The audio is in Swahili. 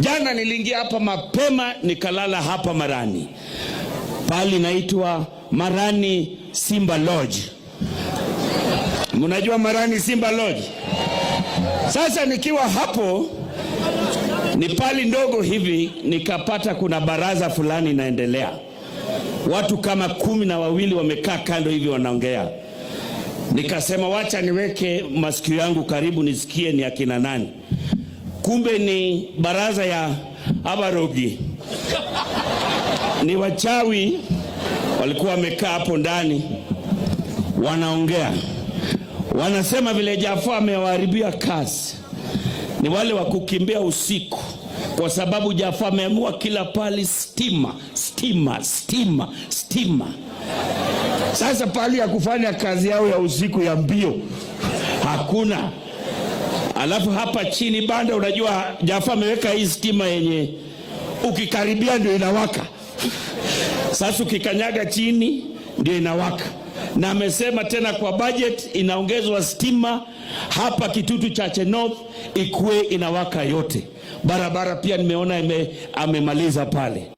Jana niliingia hapa mapema nikalala hapa Marani, pali naitwa Marani Simba Lodge. Mnajua Marani Simba Lodge? Sasa nikiwa hapo ni pali ndogo hivi, nikapata kuna baraza fulani inaendelea, watu kama kumi na wawili wamekaa kando hivi wanaongea. Nikasema wacha niweke masikio yangu karibu nisikie ni akina nani kumbe ni baraza ya Abarogi. Ni wachawi walikuwa wamekaa hapo ndani, wanaongea, wanasema vile Jafaa amewaharibia kazi ni wale wa kukimbia usiku kwa sababu Jafaa ameamua kila pali stima stima stima stima. Sasa pali ya kufanya kazi yao ya usiku ya mbio hakuna. Alafu hapa chini banda, unajua jafa ameweka hii stima yenye ukikaribia ndio inawaka sasa ukikanyaga chini ndio inawaka, na amesema tena kwa budget inaongezwa stima hapa Kitutu Chache North ikuwe inawaka yote. Barabara pia nimeona ame, amemaliza pale.